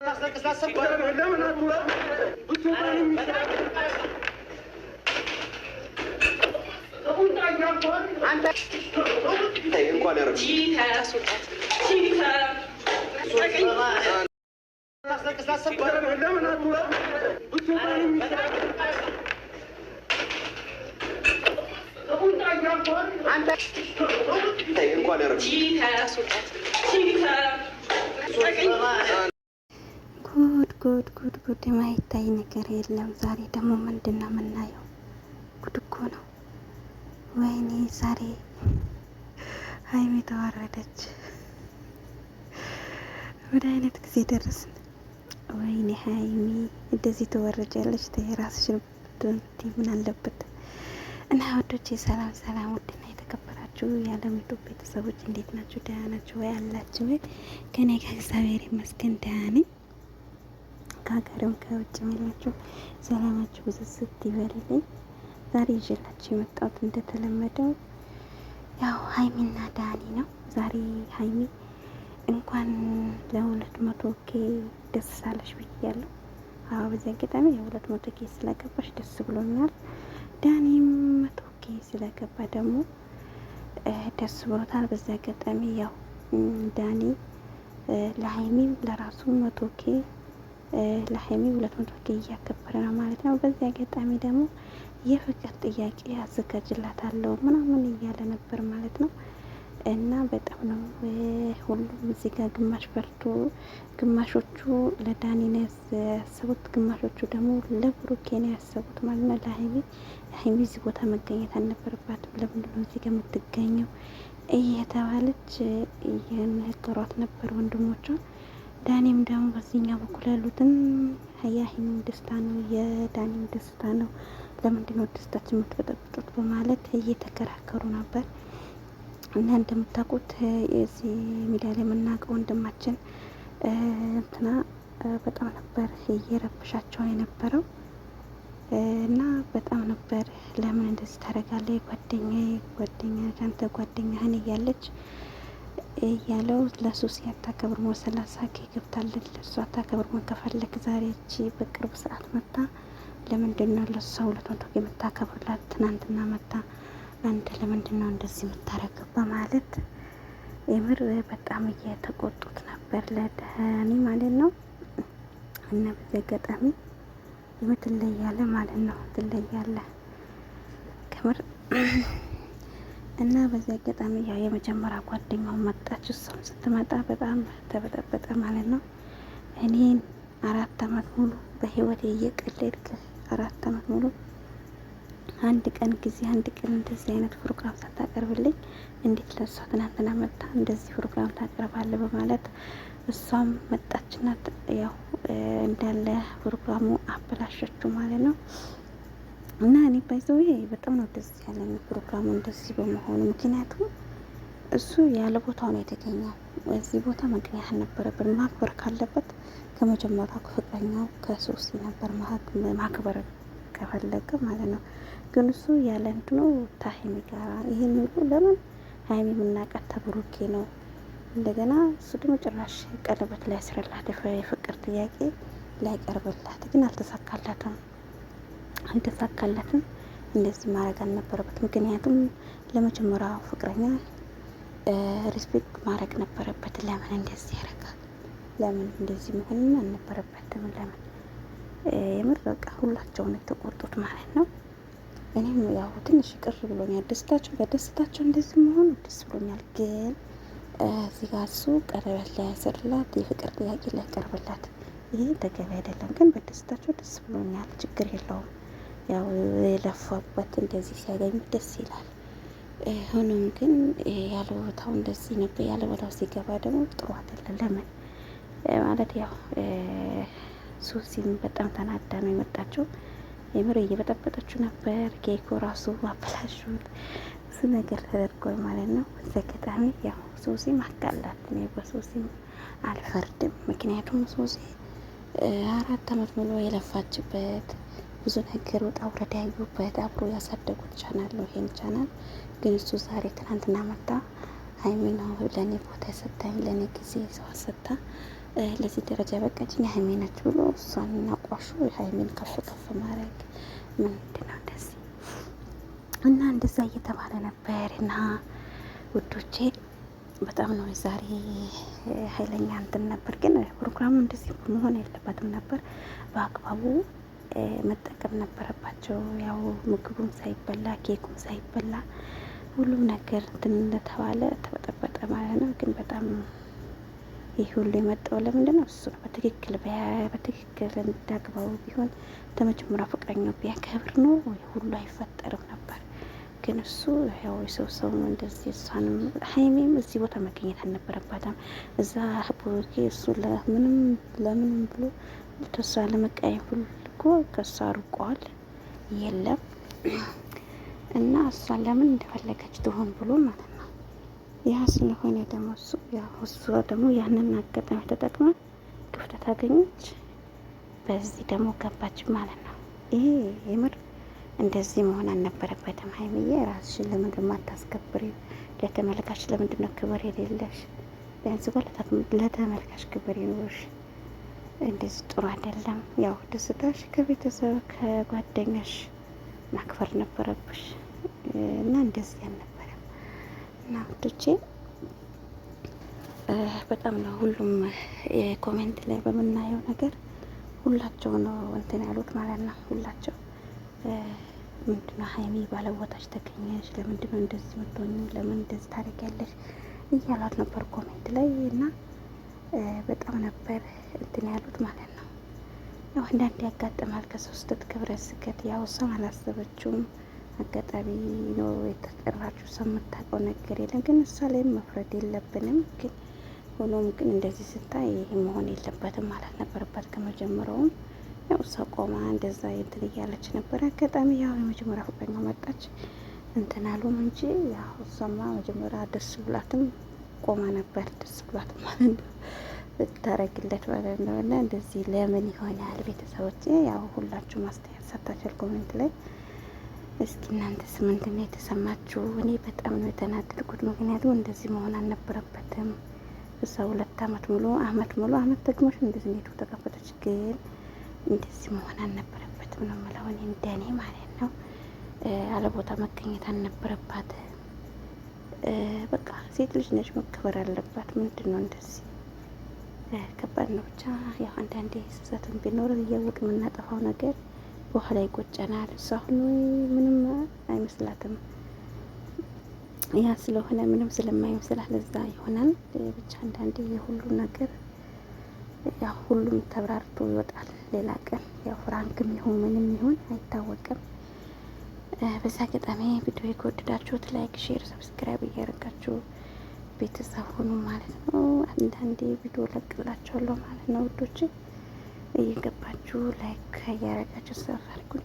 انت انت ጉድ ጉድ ጉድ ጉድ የማይታይ ነገር የለም። ዛሬ ደግሞ ምንድን ነው የምናየው? ጉድ እኮ ነው። ወይኔ ዛሬ ሀይሚ ተዋረደች። ምን አይነት ጊዜ ደረስን? ወይኔ ሀይሚ እንደዚህ ተወረጃለች። የራስሽን ብትወስጂ ምን አለበት? እና ወዶች ሰላም ሰላም፣ ውድና የተከበራችሁ የዓለም ዩቱብ ቤተሰቦች እንዴት ናችሁ? ደህና ናችሁ ወይ? አላችሁ ወይ? ከኔ ከእግዚአብሔር ይመስገን ደህና ነኝ። ከሀገርም ከውጭ ያላችሁ ሰላማችሁ ብዝዝት ይበልልኝ። ዛሬ ይዤላችሁ የመጣሁት እንደተለመደው ያው ሀይሚና ዳኒ ነው። ዛሬ ሀይሚ እንኳን ለሁለት መቶ ኬ ደስ አለሽ ብያለሁ። አዎ በዚያ አጋጣሚ የሁለት መቶ ኬ ስለገባሽ ደስ ብሎኛል። ዳኒም መቶ ኬ ስለገባ ደግሞ ደስ ብሎታል። በዚያ አጋጣሚ ያው ዳኒ ለሀይሚም ለራሱ መቶ ኬ ለሀይሚ ሁለት መቶ ኬ እያከበረ ነው ማለት ነው። በዚህ አጋጣሚ ደግሞ የፍቅር ጥያቄ አዘጋጅላታለሁ ምናምን እያለ ነበር ማለት ነው። እና በጣም ነው ሁሉም እዚህ ጋር ግማሽ ፈርቶ ግማሾቹ ለዳኒ ነው ያሰቡት፣ ግማሾቹ ደግሞ ለብሩኬ ነው ያሰቡት ማለት ነው። ለሀይሚ ሀይሚ እዚህ ቦታ መገኘት አልነበረባትም። ለምንድን ነው እዚህ ጋር የምትገኘው? እየተባለች እየነገሯት ነበር ወንድሞቿን ዳኒም ደግሞ በዚህኛ በኩል ያሉትን ሀያሂም ደስታ ነው የዳኒም ደስታ ነው። ለምንድን ነው ደስታችን የምትበጠብጡት? በማለት እየተከራከሩ ነበር እና እንደምታውቁት እዚህ ሚዲያ ላይ የምናውቀው ወንድማችን እንትና በጣም ነበር እየረብሻቸው የነበረው እና በጣም ነበር ለምን እንደዚህ ታደርጋለህ? ጓደኛ ጓደኛ አንተ ጓደኛህን እያለች እያለው ለሱስ ያታከብር ሞ ሰላሳ ገብታለች። ለሱ አታከብር ከፈለግ ዛሬ እቺ በቅርብ ሰዓት መጣ። ለምንድን ነው ለሱ ሁለት መቶ የምታከብርላት? ትናንትና መታ አንተ ለምንድን ነው እንደዚህ የምታረገው? በማለት የምር በጣም እየተቆጡት ነበር፣ ለዳኒ ማለት ነው። እና በዚህ አጋጣሚ የምትለያለ ማለት ነው ትለያለ ከምር እና በዚህ አጋጣሚ ያው የመጀመሪያ ጓደኛው መጣች። እሷም ስትመጣ በጣም ተበጠበጠ ማለት ነው። እኔን አራት አመት ሙሉ በህይወት እየቀለድክ አራት አመት ሙሉ አንድ ቀን ጊዜ አንድ ቀን እንደዚህ አይነት ፕሮግራም ሳታቀርብልኝ እንዴት ለእሷ ትናንትና መጣ እንደዚህ ፕሮግራም ታቀርባለ? በማለት እሷም መጣችና ያው እንዳለ ፕሮግራሙ አበላሸችው ማለት ነው። እና እኔ ባይዘው ይሄ በጣም ነው ደስ ያለኝ ፕሮግራሙ እንደዚህ በመሆኑ። ምክንያቱም እሱ ያለ ቦታው ነው የተገኘው። እዚህ ቦታ መገኘት አልነበረብን። ማክበር ካለበት ከመጀመሪያው ከፍቅረኛው ከሶስት ነበር ማክበር ከፈለገ ማለት ነው። ግን እሱ ያለ እንትኑ ታሂሚ ጋራ ይህን ሁሉ ለምን ሀይሚ የምናቀት ተብሩኬ ነው። እንደገና እሱ ደግሞ ጭራሽ ቀለበት ላይ ስረላት የፍቅር ጥያቄ ላይቀርብላት ግን አልተሳካላትም። አልተሳካለትም። እንደዚህ ማድረግ አልነበረበት። ምክንያቱም ለመጀመሪያ ፍቅረኛ ሪስፔክት ማድረግ ነበረበት። ለምን እንደዚህ ያደርጋል? ለምን እንደዚህ መሆን አልነበረበትም። ለምን የምር በቃ ሁላቸውን የተቆርጡት ማለት ነው። እኔም ያው ትንሽ ቅር ብሎኛል። ደስታቸው በደስታቸው እንደዚህ መሆኑ ደስ ብሎኛል። ግን እዚህ ጋር እሱ ቀለበት ላያስርላት የፍቅር ጥያቄ ላያቀርብላት ይሄ ተገቢ አይደለም። ግን በደስታቸው ደስ ብሎኛል። ችግር የለውም። ያው የለፋበት እንደዚህ ሲያገኙት ደስ ይላል። ሆኖም ግን ያለ ቦታው እንደዚህ ነበር፣ ያለ ቦታው ሲገባ ደግሞ ጥሩ አይደለም። ለምን ማለት ያው ሱሲም በጣም ተናዳ ነው የመጣችው። የምር እየበጠበጠችው ነበር። ኬኮ ራሱ ማበላሹት ብዙ ነገር ተደርጎ ማለት ነው። ዘገጣሚ ያው ሱሲም ማካላት ነው። በሱሲም አልፈርድም፣ ምክንያቱም ሱሲ አራት አመት ሙሉ የለፋችበት ብዙ ነገር ወጣ ውረድ ያዩበት አብሮ ያሳደጉት ቻናል ነው። ይሄን ቻናል ግን እሱ ዛሬ ትናንትና መጣ ነው ለእኔ ቦታ ሰታኝ ለእኔ ጊዜ ሰው ሰታ ለዚህ ደረጃ በቃችኝ ሀይሜ ነች ብሎ እሷን እናቋሹ ሀይሜን ከፍ ከፍ ማድረግ ምንድን ነው እንደዚህ እና እንደዛ እየተባለ ነበር እና ውዶቼ በጣም ነው የዛሬ ሀይለኛ እንትን ነበር። ግን ፕሮግራሙ እንደዚህ መሆን የለበትም ነበር በአግባቡ መጠቀም ነበረባቸው። ያው ምግቡም ሳይበላ ኬኩም ሳይበላ ሁሉም ነገር እንትን እንደተባለ ተበጠበጠ ማለት ነው። ግን በጣም ይህ ሁሉ የመጣው ለምንድን ነው? እሱ በትክክል በትክክል እንዳግባቡ ቢሆን ተመጀመሪያ ፍቅረኛው ቢያከብር ነው ሁሉ አይፈጠርም ነበር። ግን እሱ ያው የሰው ሰው እንደዚህ እሷንም ሀይሜም እዚህ ቦታ መገኘት አልነበረባትም። እዛ ቦጌ እሱ ለምንም ለምንም ብሎ ተሷ ለመቃየም ሁሉ እኮ ከሷ ርቋል የለም እና እሷን ለምን እንደፈለገች ትሆን ብሎ ማለት ነው። ያ ስለሆነ ደግሞ እሱ ደግሞ ያንን አጋጣሚ ተጠቅማ ክፍተት አገኘች፣ በዚህ ደግሞ ገባች ማለት ነው። ይሄ የምር እንደዚህ መሆን አልነበረበትም። ሀይሚዬ ራስሽን ለምንድን ማታስከብሪ? ለተመልካች ለምንድን ነው ክብር የሌለሽ? ቢያንስ እኮ ለተመልካች ክብር ይኖርሽ። እንደዚህ ጥሩ አይደለም። ያው ደስታሽ ከቤተሰብ ከጓደኛሽ ማክበር ነበረብሽ እና እንደዚህ አልነበረም። እና ውዶቼ በጣም ነው ሁሉም የኮሜንት ላይ በምናየው ነገር ሁላቸው ነው እንትን ያሉት ማለት ነው። ሁላቸው ምንድነው ሀይሚ ባለቦታች ተገኘሽ፣ ለምንድነው እንደዚህ ምትሆኝ፣ ለምን እንደዚህ ታደርጊያለሽ እያሏት ነበር ኮሜንት ላይ እና በጣም ነበር እንትን ያሉት ማለት ነው። ያው አንዳንድ ያጋጥማል ከሶስት ክብረ ስገድ ያው እሷም አላሰበችውም። አጋጣሚ ኖሮ የተጠራችሁ ሰው የምታውቀው ነገር የለም ግን እሷ ላይም መፍረድ የለብንም ግን ሆኖም ግን እንደዚህ ስታይ ይህ መሆን የለበትም ማለት ነበረባት ከመጀመሪያውም። ያው እሷ ቆማ እንደዛ እንትን እያለች ነበር። አጋጣሚ ያው የመጀመሪያ ፍቅረኛው መጣች እንትን አሉም እንጂ ያው እሷማ መጀመሪያ ደስ ብላትም ቆማ ነበር ደስ ብሏት ማለት ነው ብታረግለት ማለት ነው። እና እንደዚህ ለምን ይሆናል? ቤተሰቦች ያው ሁላችሁም አስተያየት ሰጥታችኋል ኮሜንት ላይ። እስኪ እናንተስ ምንድን ነው የተሰማችሁ? እኔ በጣም ነው የተናደድኩት፣ ምክንያቱም እንደዚህ መሆን አልነበረበትም። እዛ ሁለት አመት ሙሉ አመት ሙሉ አመት ተግሞሽ እንደዚህ ሜቱ ተከፈተች፣ ግን እንደዚህ መሆን አልነበረበትም ነው የምለው እኔ እንደኔ ማለት ነው። አለቦታ መገኘት አልነበረባትም። በቃ ሴት ልጅ ነች፣ መከበር አለባት። ምንድን ነው እንደዚህ ከባድ ነው። ብቻ ያው አንዳንዴ ስህተትን ቢኖር እያወቅን የምናጠፋው ነገር በኋላ ይቆጨናል። እሱ አሁን ምንም አይመስላትም። ያ ስለሆነ ምንም ስለማይመስላት ለዛ ይሆናል። ብቻ አንዳንዴ የሁሉ ነገር ያው ሁሉም ተብራርቶ ይወጣል ሌላ ቀን። ያው ፍራንክም ይሁን ምንም ይሁን አይታወቅም። በዛ አጋጣሚ ቪዲዮ የጎደዳችሁት ላይክ፣ ሼር፣ ሰብስክራይብ እያደረጋችሁ ቤተሰብ ሆኑ ማለት ነው። አንዳንዴ ቪዲዮ ለቅላችኋለሁ ማለት ነው ውዶች፣ እየገባችሁ ላይክ እያደረጋችሁ ሰፋ